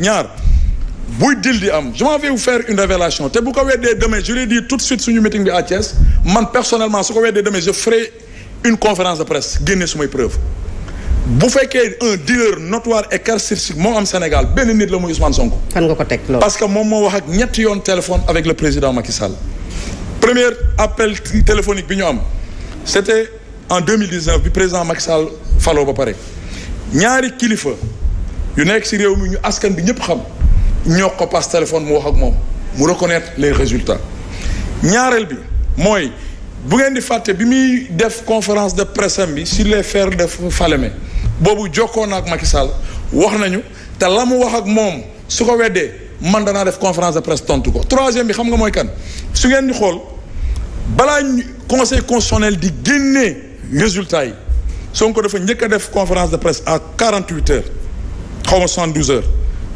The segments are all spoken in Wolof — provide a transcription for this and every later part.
ñaar buy dil di am je m'en vais vous faire une révélation te bu ko weddee demain je l'ai tout de suite suñu meeting bi à Thiès man personnellement su ko weddee demain je ferai une conférence de presse génne su may preuve bu fekkee un dealer notoire et caractéristique moo am Sénégal benn nit la muy Ousmane Sonko. fan nga ko teg parce que moom moo wax ak ñetti yoon téléphone avec le président Macky Sall. premier appel téléphonique bi ñu am c'était en 2019 bi président Macky Sall faloo ba pare ñaari kilifa. yu nekk ci réew mi ñu askan bi ñëpp xam ñoo ko passe téléphone mu wax ak moom mu reconnaître les résultats ñaareel bi mooy bu ngeen di fàtte bi muy def conférence de presse am bi sur les fers de Falémé boobu jokkoon ak Macky Sall wax nañu te la mu wax ak moom su ko weddee man danaa def conférence de presse tontu ko troisième bi xam nga mooy kan su ngeen di xool balaa conseil constitutionnel di génnee résultats yi Sonko dafa njëkk a def conférence de presse à 48 heures xaw ma 72 heures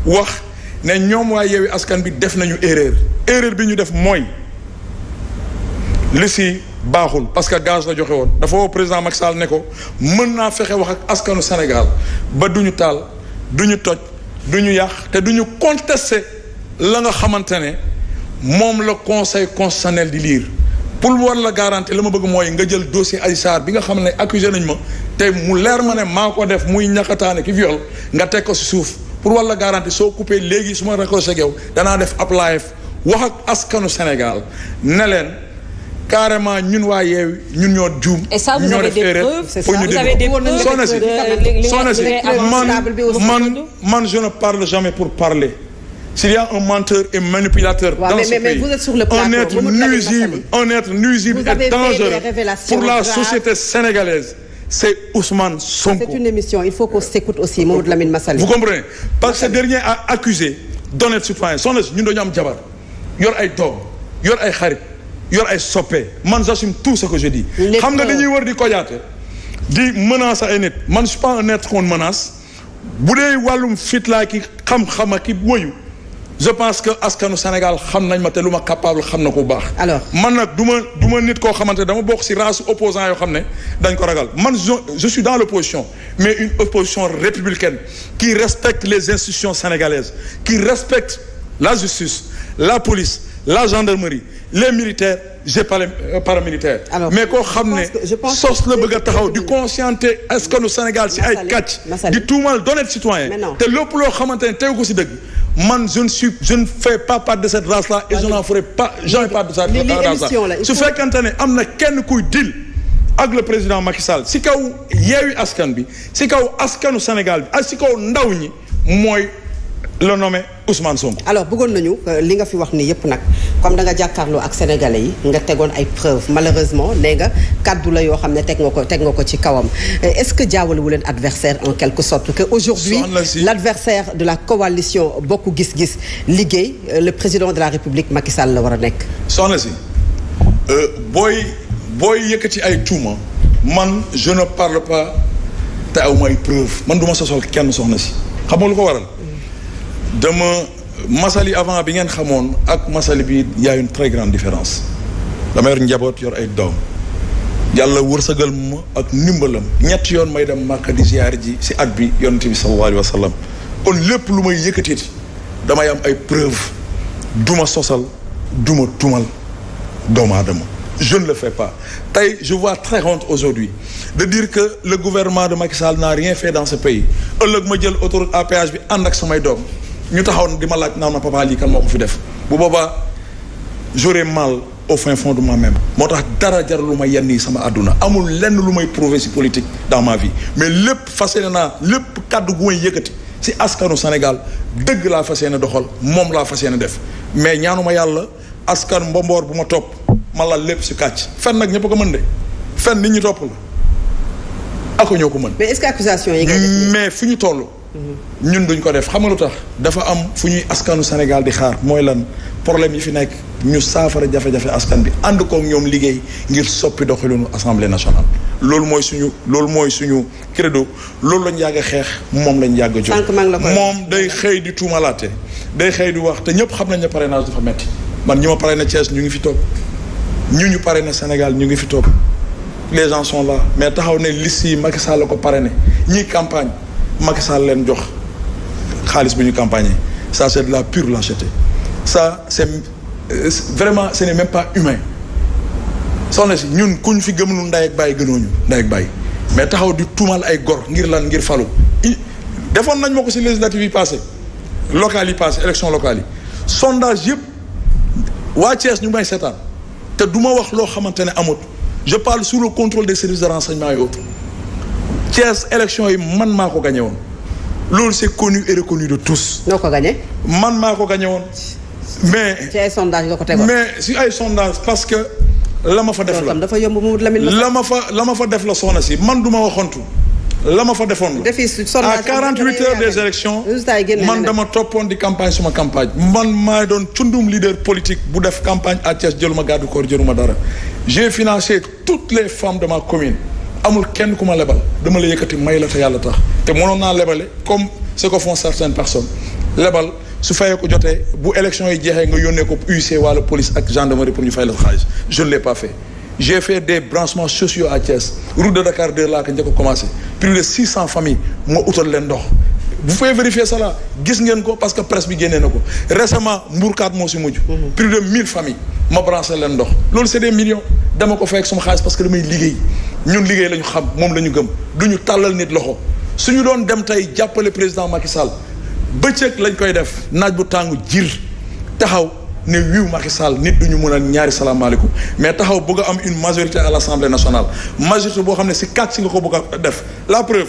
wax ne ñoom waa Yewwi Askan bi def nañu erreur erreur bi ñu def mooy li si baaxul parce que gaz la joxe woon dafa woo président Macky Sall ne ko mën naa fexe wax ak askanu senegal ba du ñu taal du ñu toj du ñu yàq te du ñu contester la nga xamante ne moom la conseil constitutionnel di liir pour war la garantie la ma bëgg mooy nga jël dossier ay Sarr bi nga xam ne accusé nañ ma te mu leer ma ne maa ko def muy ñaxataane ki viol nga teg ko si suuf pour wala garantie soo coupé léegi su ma raccroché yow danaa def ab live wax ak askanu Sénégal ne leen carrément ñun waa yeew ñun ñoo juum. ñoo def erreur pour ñu déglu soxna si soxna si man man je ne parle jamais pour parler. s'il y a un menteur et manipulateur ouais, dans mais, ce mais, pays, mais vous êtes sur un être nuisible, un et dangereux pour la société sénégalaise. c'est Ousmane Sonko. C'est une émission, il faut qu'on s'écoute aussi Mamadou Lamine Massaly. Vous comprenez? Parce que ce dernier a accusé d'honnêtes citoyens soxna si ñun dañu am jabar yor ay doom yor ay xarit yor ay soppe man j'assume tout ce que je dis. xam nga dañuy war di kojaate di menacer ay nit man je suis pas un être qu'on menace bu dee wàllum fit laa ki xam-xam ki wëyu je pense que askanu Sénégal xam nañ ma te lu ma capable xam na ko bu baax. alors man nag du ma du ma nit koo xamante dama bokk ci race opposant yoo xam ne dañ ko ragal man je suis dans l'opposition mais une opposition républicaine qui respecte les institutions sénégalaises qui respecte la justice la police la gendarmerie les militaires j'ai parlé euh, paramilitaire mais koo xam ne sos la bëgg a taxaw di conscienter askanu Sénégal si ay kàcc di tuumal d'honnêtes citoyens te lépp loo xamante ne tegu ko ci dëgg man je ne suis je ne fais pas part de cette race là et je n'en ferai pas j'en ai de cette race là su fekkante ne am na kenn kuy dil ak le président Macky Sall si kaw yeewi askan bi si kaw askanu Sénégal bi ak si kaw ndaw ñi mooy le nommé Ousmane Sonko. alors bëggoon nañu euh, li nga fi wax nii yëpp nag comme da nga jàkkaarloo ak sénégalais yi nga tegoon ay preuves malheureusement nee nga kàddu la yoo xam ne teg nga ko teg nga ko ci kawam euh, est-ce que jaawalewu leen adversaire en quelque sorte que aujourd'hui l'adversaire de la coalition Bokk Gis Gis liggéey euh, le président de la République Macky Sall la war a nekk. soxna si booy booy yëkkati ay tuuma man je ne parle pas te aw ma ay preuves man du ma kenn soxna si xam ko waral. dama masali avant bi ngeen xamoon ak masali bi y a une très grande différence dama yor njaboot yor ay doom yàlla wërsëgal ma ak ndimbalam ñetti yoon may dem màkka di ji si at bi yonent bi sallallahu alayhi wa kon lépp lu may yëkkatiti damay am ay preuve duma sosal duma tumal doomu aadama je ne le fais pas tey je vois très honte aujourd'hui de dire que le gouvernement de Macky Sall n'a rien fait dans ce pays ëllëg ma jël autoroute à bi ànd ak samay doom ñu taxaw di ma laaj naan ma papa lii kan moo ko fi def bu boobaa j'aurais mal au fin fond de moi-même moo tax dara jar lu ma yenn yi sama àdduna amul lenn lu may prouver si politique dans ma vie mais lépp fas yéene naa lépp kàddu gu may yëkkati ci askanu Sénégal dëgg laa fas yéene doxal moom laa fas yéene def mais ñaanu ma yàlla askan mbomboor bu ma topp ma la lépp si kàcc fen nag ñëpp ko mën de fen nit ñi topp la ako ñoo ko mën mais est yi nga mais fu ñu toll ñun duñ ko def xam nga lu tax dafa am fu ñuy askanu Sénégal di xaar mooy lan problème yi fi nekk ñu saafara jafe-jafe askan bi ànd koog ñoom liggéey ngir soppi doxalinu assemblée nationale loolu mooy suñu loolu mooy suñu credo loolu lañ yàgg xeex moom lañ yàgg a jóg moom day xëy di tuumalaate day xëy di wax te ñëpp xam nañ ne parrainage dafa metti man ñu ma pare na Thiès ñu ngi fi toog ñu ñu pare na Sénégal ñu ngi fi toog les gens sont mais taxaw ne liste yi Macky Sall la ko parrainé ñii campagne Macky Sall leen jox xaalis bu ñu campagne ça c'est la pure lâcheté ça c'est euh, vraiment ce n'est même pas humain soxna ñun kuñ fi gëmlu nday ak bàyyi gënooñu nday ak bàyyi mais taxaw di tuumal ay gor ngir lan ngir falu defoon nañ ma ko ci législatives yi passé locales yi passé élection locale yi sondage yëpp waa Thiès ñu may seetaan te du ma wax loo xamante ne amut je parle sous le contrôle des services de renseignement et autres Thiès élection yi man maa ko gagné woon loolu c'est connu et reconnu de tous. noo ko gagné. man maa ko gagné woon mais. ci ay sondage nga ko mais si ay sondage parce que. la ma fa def la dafa yomb mu la ma fa la ma fa def la soxna si man du ma waxantu la ma fa defoon la à 48 heures des élections man dama toppoon di campagne suma campagne man maay doon cundum leader politique bu def campagne à Thiès jëluma garde corps jëluma dara j'ai financé toutes les femmes de ma commune amul kenn ku ma lebal dama la yëkkati may la te yàlla tax te mënoon naa lebale comme ce que font certaines personnes lebal su fayee ko jotee bu élection yi jeexee nga yónnee ko UC wala police ak gendarmerie pour ñu fay la xaalis je ne l'ai pas fait j'ai fait des branchements sociaux à Thiès route de Dakar 2 laa ko njëkk commencé plus de 600 familles moo utal leen ndox bu pouvez vérifier salaa gis ngeen ko parce que presse bi génnee na ko récemment mbuurkaat moo si mujj. Mhm. plus de mille familles ma branché leen ndox. loolu c'est des millions dama ko fee fekk suma xaalis parce que damay liggéey ñun liggéey la ñu xam moom la ñu gëm du ñu tàllal nit loxo suñu doon dem tey jàppale président Macky Sall bëccëg lañ koy def naaj bu tàngu jir taxaw ne wiiw Macky sal nit du ñu mën a ñaari salaamaaleykum mais taxaw bëgg a am une majorité à l'Assemblée nationale majorité boo xam ne si quatre si nga ko bëgg def la preuve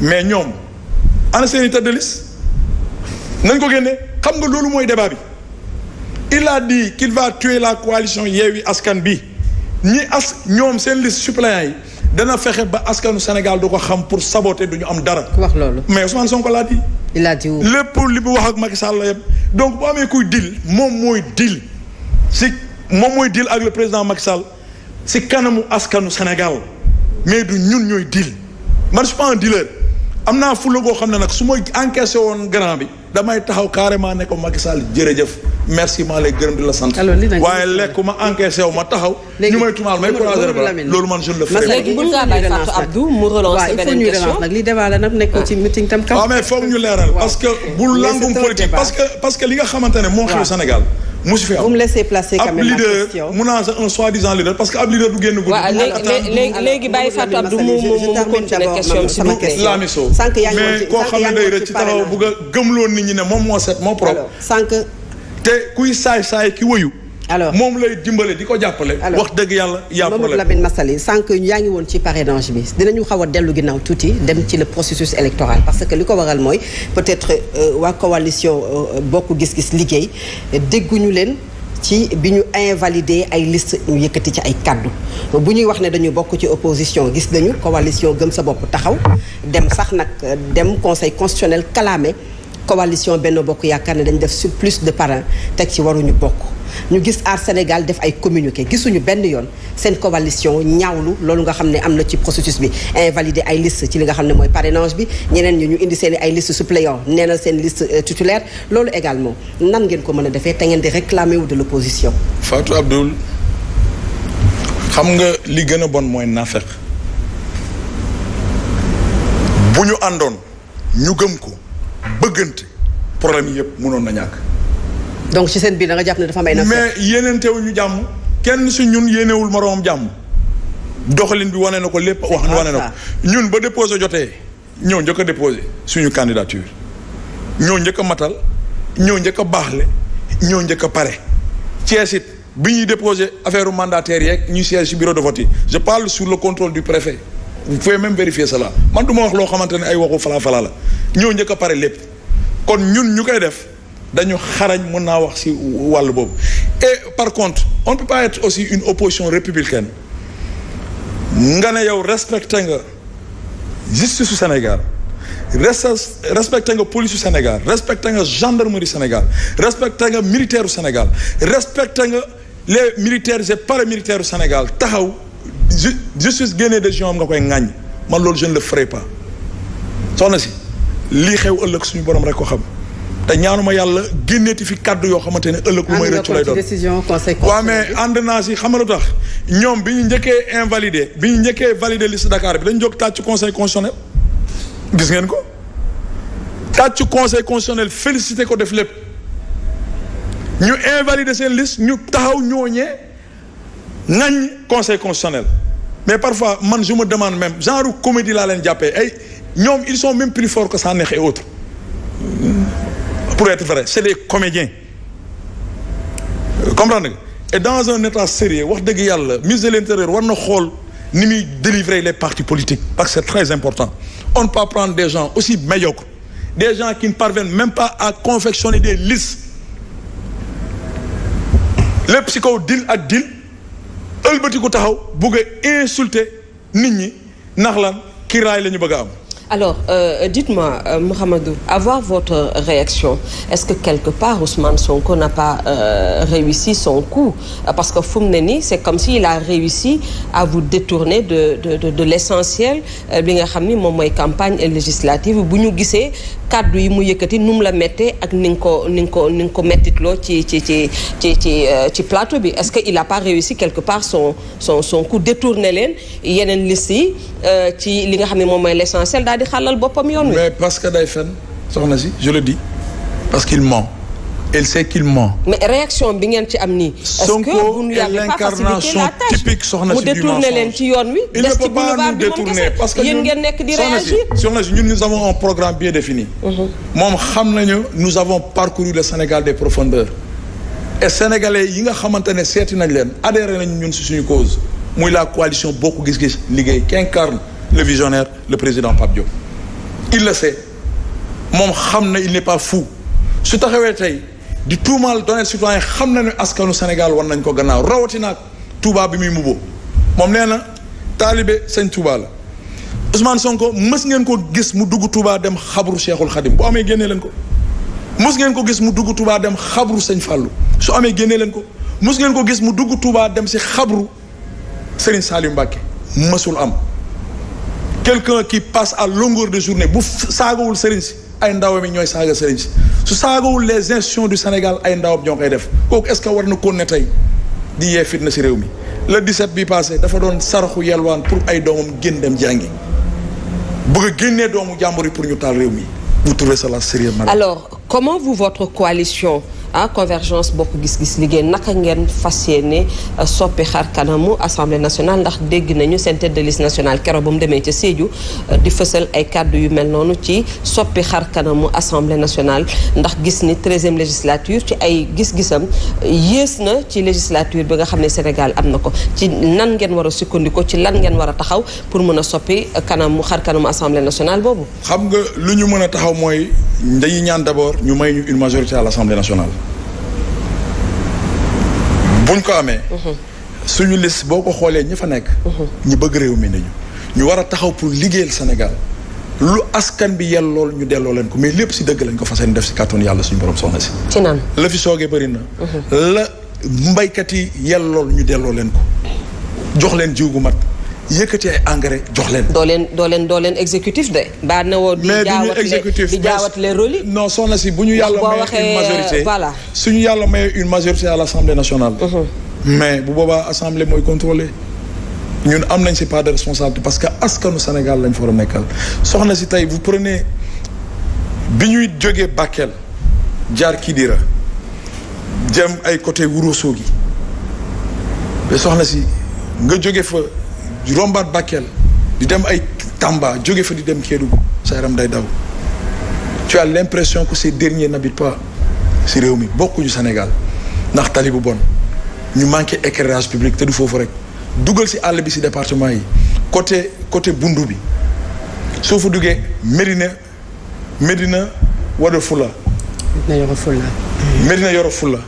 mais ñoom. ana seen i tête de nañ ko génne xam nga loolu mooy débat bi il a dit qu'il va la coalition Yewwi Askan bi ñi as ñoom seen liste suppléants yi dana fexe ba askanu Sénégal du ko xam pour saboter du ñu am dara. wax loolu mais Ousmane Sonko il a dit lépp li bu wax ak Macky Sall la yëpp donc bu amee kuy dil moom mooy dil si moom mooy dil ak le président Macky Sall si kanamu askanu Sénégal mais du ñun ñooy dil man je suis am naa fula goo xam ne nag su ma encaissé woon grand bi damay taxaw carrément ne ko Macky Sall jërëjëf merci maa lay gërëm di la sant. waaye lekku ma encaissé wu ma taxaw. ñu may tumaal may croiser loolu man je ne le ferai pas. léegi mën ngaa Abdou mu relancer nekk ci meeting tam. waaw mais foog ñu leeral. parce que bu langum politique parce que parce que li nga xamante ne moo xew Sénégal. musu fi am vous me ab leader mu naan sax un soi-disant leader parce que ab leader du génn. waaw léegi léegi bàyyi Fatou Abdou mu mu mu continuer question bi sama question. laamiso mais koo xam ne day ci taxaw bëgg a gëmloo nit ñi ne moom moo set moo propre. sànq. te kuy saay saay ki wëyu. alors moom lay dimbale di ko jàppale. wax dëgg yàlla yàppale Mamadou Lamine Massaly sànq yaa ngi woon ci parrainage bi dinañu xaw a dellu ginnaaw tuuti dem ci la processus électoral parce que li ko waral mooy peut-être euh, waa coalition euh, bokk gis-gis liggéey dégguñu leen. ci bi ñu invalidé ay liste ñu yëkkati ci ay kàddu bu ñuy wax ne dañu bokk ci opposition gis nañu coalition gëm sa bopp taxaw dem sax nag euh, dem conseil constitutionnel kalaame coalition benn bokk yaakaar ne dañ def surplus de parrain teg ci waruñu bokk ñu gis aar Sénégal def ay communiqué gisuñu benn yoon seen coalition ñaawlu loolu nga xam ne am na ci processus bi invalider ay liste ci li nga xam ne mooy parrainage bi ñeneen ñi ñu indi seen ay liste suppléant neenal seen liste euh, titulaire loolu également nan ngeen ko mën a defee te ngeen di réclamer wu de l'opposition Fatou Abdoul xam nga li gën a bon mooy nafeq bu ñu àndoon ñu gëm ko bëggante problème yëpp mënoon na ñàkk donc ci seen biir danga nga jàpp ne dafa may. mais yéenentewuñu jàmm kenn si ñun yéenewul moroomam jàmm doxalin bi wane na ko lépp wax wane na ko ñun ba déposé jotee ñoo njëkk a déposé suñu candidature ñoo njëkk matal ñoo njëkk a baaxle ñoo njëkk pare Thiès it bi ñuy déposé affaire mandataire yeeg ñu siège si bureau je parle sous le contrôle du préfet vous pouvez même vérifier cela man du ma wax loo xamante ne ay waxu fala fala la ñoo njëkk a pare lépp kon ñun ñu koy def dañu xarañ mën naa wax ci wàll boobu et par contre on ne peut pas aussi une opposition républicaine nga ne yow respecté nga justice su Sénégal respecté nga police su Sénégal respecté nga gendarmerie Sénégal respecté nga militaire Sénégal respecté nga les militaires et paramilitaires u Sénégal taxaw justice génnee décision am nga koy ŋàññ man loolu je ne le ferai pas soxna si lii xew ëllëg suñu borom rek ko xam te ñaanuma yàlla génneeti fi kàddu yoo xamante ne ëllëg lu may rëccu lay doon waaw mais ànd naa si xam nga lu tax ñoom bi ñu njëkkee invalidé bi ñu njëkkee validé liste Dakar bi dañu jóg tàcc conseil constitutionnel gis ngeen ko tàcc conseil constitutionnel félicité ko def lépp ñu invalider seen liste ñu taxaw ñooñee nañ conseil constitutionnel mais parfois man je me demande même genre comédie laa leen jàppee ay ñoom il sont même plus forts ko Sanekh et pour être vrai c'est les comédiens euh, comprendre nga et dans un état sérieux wax dëgg yàlla ministre de l'intérieur war na xool ni muy délivrer les partis politiques parce que c'est très important on ne peut pas prendre des gens aussi médiocres des gens qui ne parviennent même pas à confectionner des listes lépp si kaw dil ak dil ëlbatiku taxaw bugg a nit ñi ndax lan kiraay la ñu bëgg a am alors euh, dites-moi euh, Mouhamadou avoir votre réaction est-ce que quelque part Ousmane Sonko n'a pas euh, réussi son coup euh, parce que fu mu ne nii c'est comme s'il a réussi à vous détourner de de de, de l'essentiel euh, bi nga xam ni moom mooy campagne législative bu ñu gisee kàddu yi mu yëkkati nu mu la méttee ak ni nga ko ni nga ko ni nga ko méttitloo ci ci ci ci ci euh, ci plateau bi est-ce que il a pas réussi quelque part son son son coup détourné leen yeneen liste yi euh, ci li nga xam ne moom mooy l'essentiel daal di xàllal boppam yoon wi. mais parce que day fen soxna si je le dis parce qu'il ment. elle sait qu'il ment. mais réaction bi ngeen ci am nii. Sonko vous ne lui avez pas facilité la tâche typique ci yoon il ne peut pas nous détourner parce que yéen ngeen nekk di réagir nous avons un programme bien défini. Mhm. moom xam nañu nous parcouru le Sénégal des profondeurs. et sénégalais yi nga xamante ne seeti nañ leen adhéré nañ ñun la coalition Bokk Gis Gis liggéey qu'incarne le visionnaire le président Pape Diop. il le sait moom xam na il di tuumaal données citoyen xam na ne askanu Sénégal war nañ ko gannaaw rawatina Touba bi muy mubbo moom nee na taalibe sëñ Touba la Ousmane Sonko mës ngeen ko gis mu dugg Touba dem xabru Cheikhul Khadim bu amee génnee leen ko mës ngeen ko gis mu dugg Touba dem xabru sëñ Fallou su amee génnee leen ko mës ngeen ko gis mu dugg Touba dem si xabru Serigne Saliou Mbacké mësul am quelqu'un qui passe à longueur de journée bu saagawul Serigne si ay ndaw mi ñooy saaga Serigne si su saagawul les institutions du Sénégal ay ndawam ñoo koy def kooku est-ce que war na kon ne tey di yee fitna si réew mi le 17 bi passé dafa doon saraxu yelwaan pour ay doomam génn dem jàngi bëgg a génnee doomu jàmbur yi pour ñu taal réew mi vous trouvez cela sérieux madame alors comment vous votre coalition ah boo bokk gis-gis liggéey naka ngeen fas yéene euh, soppi xar kanamu assemblée nationale ndax dégg nañu seen tête de liste nationale keroog ba mu demee ca Sédhiou euh, di fësal ay kàddu yu mel noonu ci soppi xar kanamu assemblée nationale ndax gis ni treizième législature ci ay gis-gisam euh, yées na ci législature bi nga xam ne Sénégal am na ko ci nan ngeen war a sukkandiku ci lan ngeen war a taxaw pour mën a soppi kanamu xar kanamu assemblée nationale boobu. xam nga lu ñu mën a taxaw mooy dañuy ñaan d'abord ñu may ñu une majorité à l'assemblée nationale. buñ ko amee. Mhm. suñu liste boo ko xoolee ñi fa nekk. Mhm. ñi bëgg réew mi nañu. ñu war a taxaw pour liggéeyal senegal lu askan bi yellool ñu delloo leen ko mais lépp si dëgg lañ ko fa yéene def si kàttanu yàlla suñu borom soxna si. la fi soogee bëri na. Mhm. la mbaykat yi yellool ñu delloo leen ko jox leen jiw gu mat. yëkkati ay engrais jox leen. doo leen doo doo leen exécutif de. mbaa ne woo di jaawatale di jaawatale rôle yi. non soxna si bu ñu yàlla mayee une majorité voilà su ñu yàlla mayee une majorité à l' assemblée nationale. Mhm. mais bu boobaa assemblée mooy contrôler ñun am nañ si part de responsabilité parce que askanu Sénégal lañ fa war a nekkal soxna si tey vous prenez bi ñuy jógee Bakel jaar Kidira jëm ay côté Ourossogui soxna si nga jóge fa. di rombaat Bakel di dem ay Tamba jóge fa di dem Kédougou sa yaram day daw ci as l'impression que ces derniers n'habitent pas si réew mi bokkuñu Sénégal ndax tali bu bon ñu manqué éclairage publique te du foofu rek dugal si àll bi si département yi côté côté bundu bi soo fa duggee Médina Médina Wado Fula. Médina Yoro Fula. Médina Yoro Fula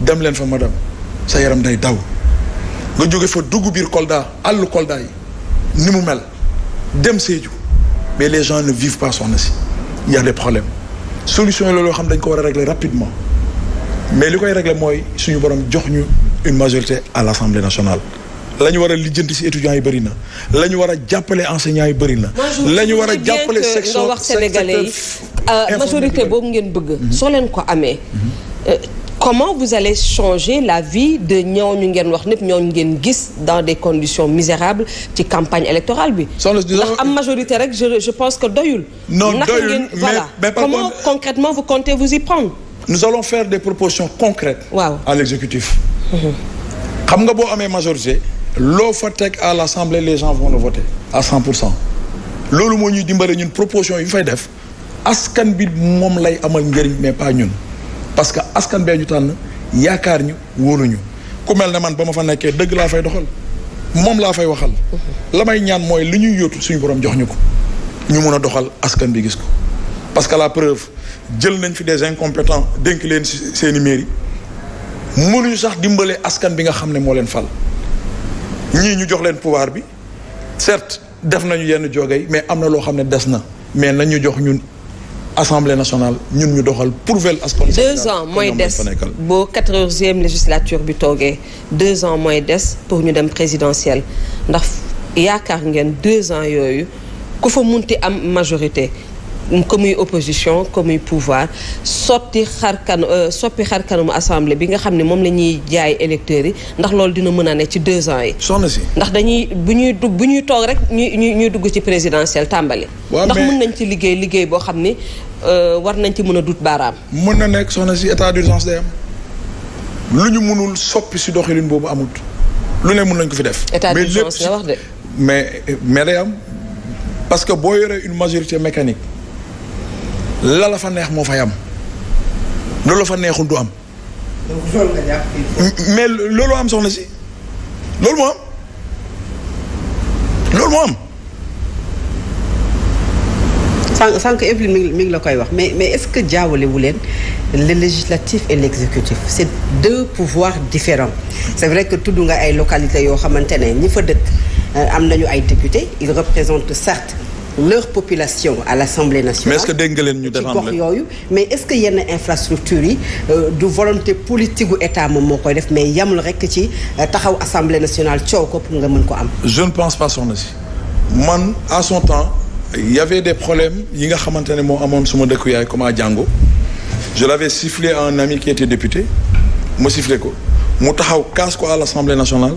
dem leen fa madame sa yaram day daw. nga jóge fa dugg biir Kolda àll Kolda yi ni mu mel dem Sédhiou mais les gens ne vivent pas si y a des solution yi loolu yoo xam dañ ko war a régler rapidement mais li koy régler mooy suñu borom jox ñu une majorité à l'Assemblée nationale la ñu war a lijjanti ci étudiants yi bëri na la war a jàppale enseignants yi bëri na. la ñu war a jàppale section nga wax sénégalais yi euh, majorité boobu ngeen bëgg. soo leen ko amee. Mhm. Euh, comment vous allez changer la vie de ñooñu ngeen wax ñëpp ñooñu ngeen gis dans des conditions misérables ci campagne électorale bi. ndax am majorité rek je je pense que doyul. no doyul mais, mais comment contre, concrètement vous comptez vous y prendre. nous allons faire des propositions concrètes. waaw à l'exécutif. Mhm. xam nga boo amee majorité. loo fa teg à l'assemblée les gens vont le voter à 100 pour cent loolu moo ñuy dimbale ñun proposition yu fay def askan bi moom lay amal njëriñ mais pas ñun. parce que askan bee ñu tànn yaakaar ñu wóoluñu ku mel ne man ba ma fa nekkee dëgg laa fay doxal moom laa fay waxal. la may ñaam mooy li ñuy yóotu suñu borom jox ñu ko ñu mun a doxal askan bi gis ko parce que la preuve jël nañ fi des incompétents dénk leen seeni mairie mënuñu sax dimbale askan bi nga xam ne moo leen fal ñii ñu jox leen pouvoir bi certes def nañu yenn joogay mais am na loo xam ne des na mais nañu jox ñun assemblée nationale ñun ñu doxal prouver askan. deux ans mooy des boo quatorzième législature bi toogee deux ans mooy des pour ñu dem présidentielle ndax yaakaar ngeen deux ans yooyu ku fa munti am majorité. que muy opposition que muy pouvoir sotti xarkan soppi xarkanamu euh, assemblée bi nga xam ne moom la ñuy jaay électeurs yi ndax loolu dina mën a ne ci deux ans yi. soxna si ndax dañuy bu ñuy dugg ñuy toog rek ñuy ñuy dugg ci présidentielle tàmbali. ndax mën nañ ci liggéey liggéey boo xam ni euh, war nañ ci mën a dut baaraam. mën na nekk soxna si état d'urgence day am lu ñu mënul soppi si doxalin boobu amut lu ne mun nañ ko fi def. état d'urgence nga wax de mais mais day am parce que boo yoree une majorité mécanique. la fa neex moo fay am loolu la fa neexul du am. mais loolu am soxna si loolu moo am loolu moo am. sànq sànq Evelyne mi ngi mi ngi la koy wax mais mais est-ce que jaawalewu leen le législatif et l'exécutif c'est deux pouvoirs différents c'est vrai que tudd nga ay localités yoo xamante ne ñi fa dëkk euh, am nañu ay députés ils représentent certes leur population à l'Assemblée nationale. mais est-ce que dégg nga leen ñu défendre leen ci gox yooyu mais est-ce que yenn infrastructure yi euh, du volonté politique état moom moo koy def mais yamul rekk ci euh, taxaw Assemblée nationale coow ko pour nga mën ko am. je ne pense pas soxna si man à son temps y des problèmes yi nga xamante ne moo amoon suma dëkku yaay comme à Django je l'avais sifflé à un ami qui député mu sifflé ko mu taxaw kaas ko à l'Assemblée nationale.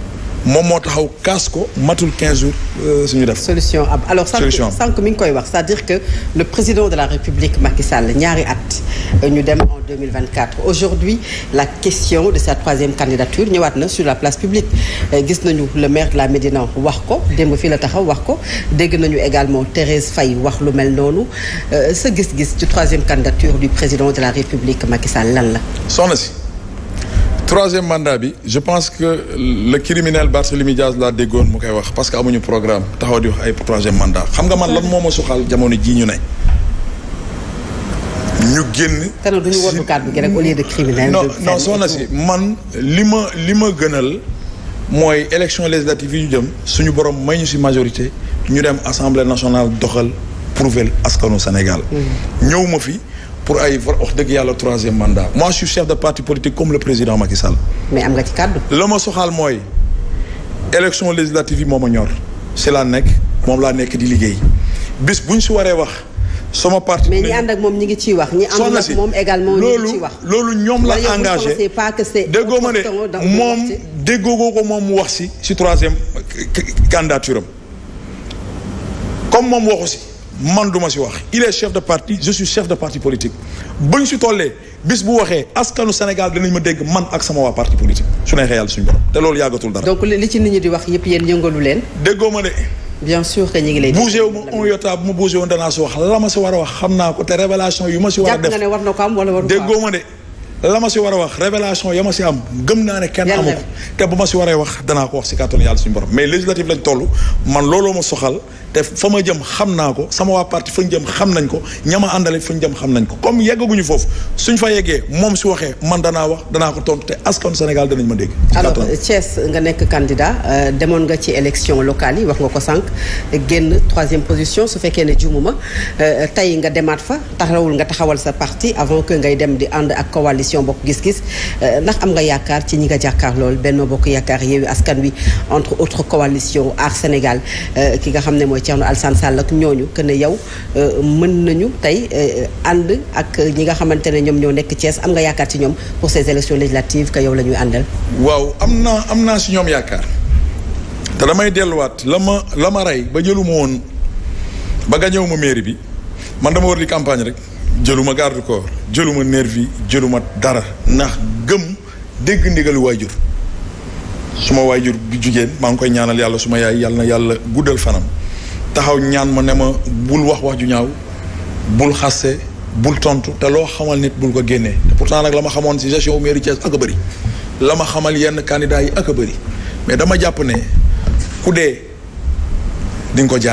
moom moo taxaw kaas ko matul 15 jours euh, suñu def. solution am alors solution sànq mi ngi koy wax c'est-à-dire que le président de la République Macky Sall ñaari at euh, ñu dem en 2024 aujourd'hui la question de sa troisième candidature ñëwaat na su la place publique euh, gis nañu le maire de la Médina wax ko démb fii la taxaw wax ko dégg nañu également Thérèse fay wax lu mel noonu sa gis-gis ci troisième candidature du président de la République Macky Sall lan la. soxna si. troisième mandat bi je pense que le criminel Barthélemy Diaz laa déggoon mu koy wax parce que amuñu programme taxaw di wax ay troisième mandat xam nga man lan moo ma suxal jamono jii ñu ne. ñu génn. te nag du ñu wóor kàddu gi rek au lieu de criminel. si man li ma li ma gënal mooy élection législative yi ñu jëm suñu borom may ñu si majorité ñu dem assemblée nationale doxal prouver askanu Sénégal. Mm. ñëw fi. pour ay wax dëgg yàlla troisième mandat moi je suis chef de parti politique comme le président Macky Sall. mais am nga ci kàddu. la ma soxal mooy élection législative yi moom a ñor si laa nekk moom laa nekk di liggéey bis bu ñu si waree wax sama parti. mais ñi ànd ak moom ñi ngi ciy wax. ñi ànd ak moom également ñi ngi ciy wax loolu ñoom la engagé déggoo ma ne moom déggoo ko moom mu wax si si troisième candidature comme moom waxu si. man du ma si wax il est chef de parti je suis chef de parti politique bañ si tollee bis bu waxee askanu Sénégal dinañ ma dégg man ak sama waa parti politique su neexee yàlla suñu borom te loolu yàggatul dara. donc li ci nit ñi di wax yëpp yéen yëngalu leen. déggoo ma de. bien sûr que ñu ngi lay. bougé wu ma un yota bu ma bougé woon danaa si wax la ma si war a wax xam naa ko te révélation yu ma si. war a def jàpp war na ko am wala war na ma de. la ma si war a wax révélation ya ma si am gëm naa ne kenn amu ko te bu ma si waree wax danaa ko wax si kàttanu yàlla suñu borom mais législative lañ toll man looloo ma soxal te fa ma jëm xam naa ko sama waa parti fa ñu jëm xam nañ ko ñama àndale fa ñu jëm xam nañ ko comme yeggaguñu foofu suñ fa yeggee moom su waxee man danaa wax danaa ko tontu te askan Sénégal danañ ma dégg alors Thiès nga nekk candidat euh, demoon nga ci élection locale yi wax nga ko sànq génn troisième position su fekkee ne juumuma euh, tey nga demaat fa taxawul nga taxawal sa parti avant que ngay dem di ànd ak coalition coalition bokk gis-gis euh, ndax am nga yaakaar ci ñi nga jàkkaar lool Benno Bokk Yaakaar Yewwi Askan Wi entre autres coalition Aar Sénégal euh, ki nga xam ne mooy Thierno Alassane Sall ak ñooñu que ne yow euh, mën nañu tey ànd ak ñi nga xamante ne ñoom ñoo nekk Thiès am nga yaakaar ci ñoom pour ces élections législatives que yow la ñuy àndal. waaw am naa am naa si ñoom yaakaar te damay delluwaat la ma la ma rey ba jëluma woon ba gañewu ma mairie bi man dama war di campagne jëluma garde corps jëluma nervi jëluma dara ndax gëm dégg ndigalu waajur suma waajur bu jigéen maa ngi koy ñaanal yàlla suma yaay yàlla na yàlla guddal fanam taxaw ñaan ma ne ma bul wax wax ju ñaaw bul xaste bul tontu te loo xamal nit bul ko génnee te pourtant nag la ma xamoon ci gestion mairie Thiès ak a bëri la ma xamal yenn candidats yi ak a bëri mais dama jàpp ne ku dee di ko jaay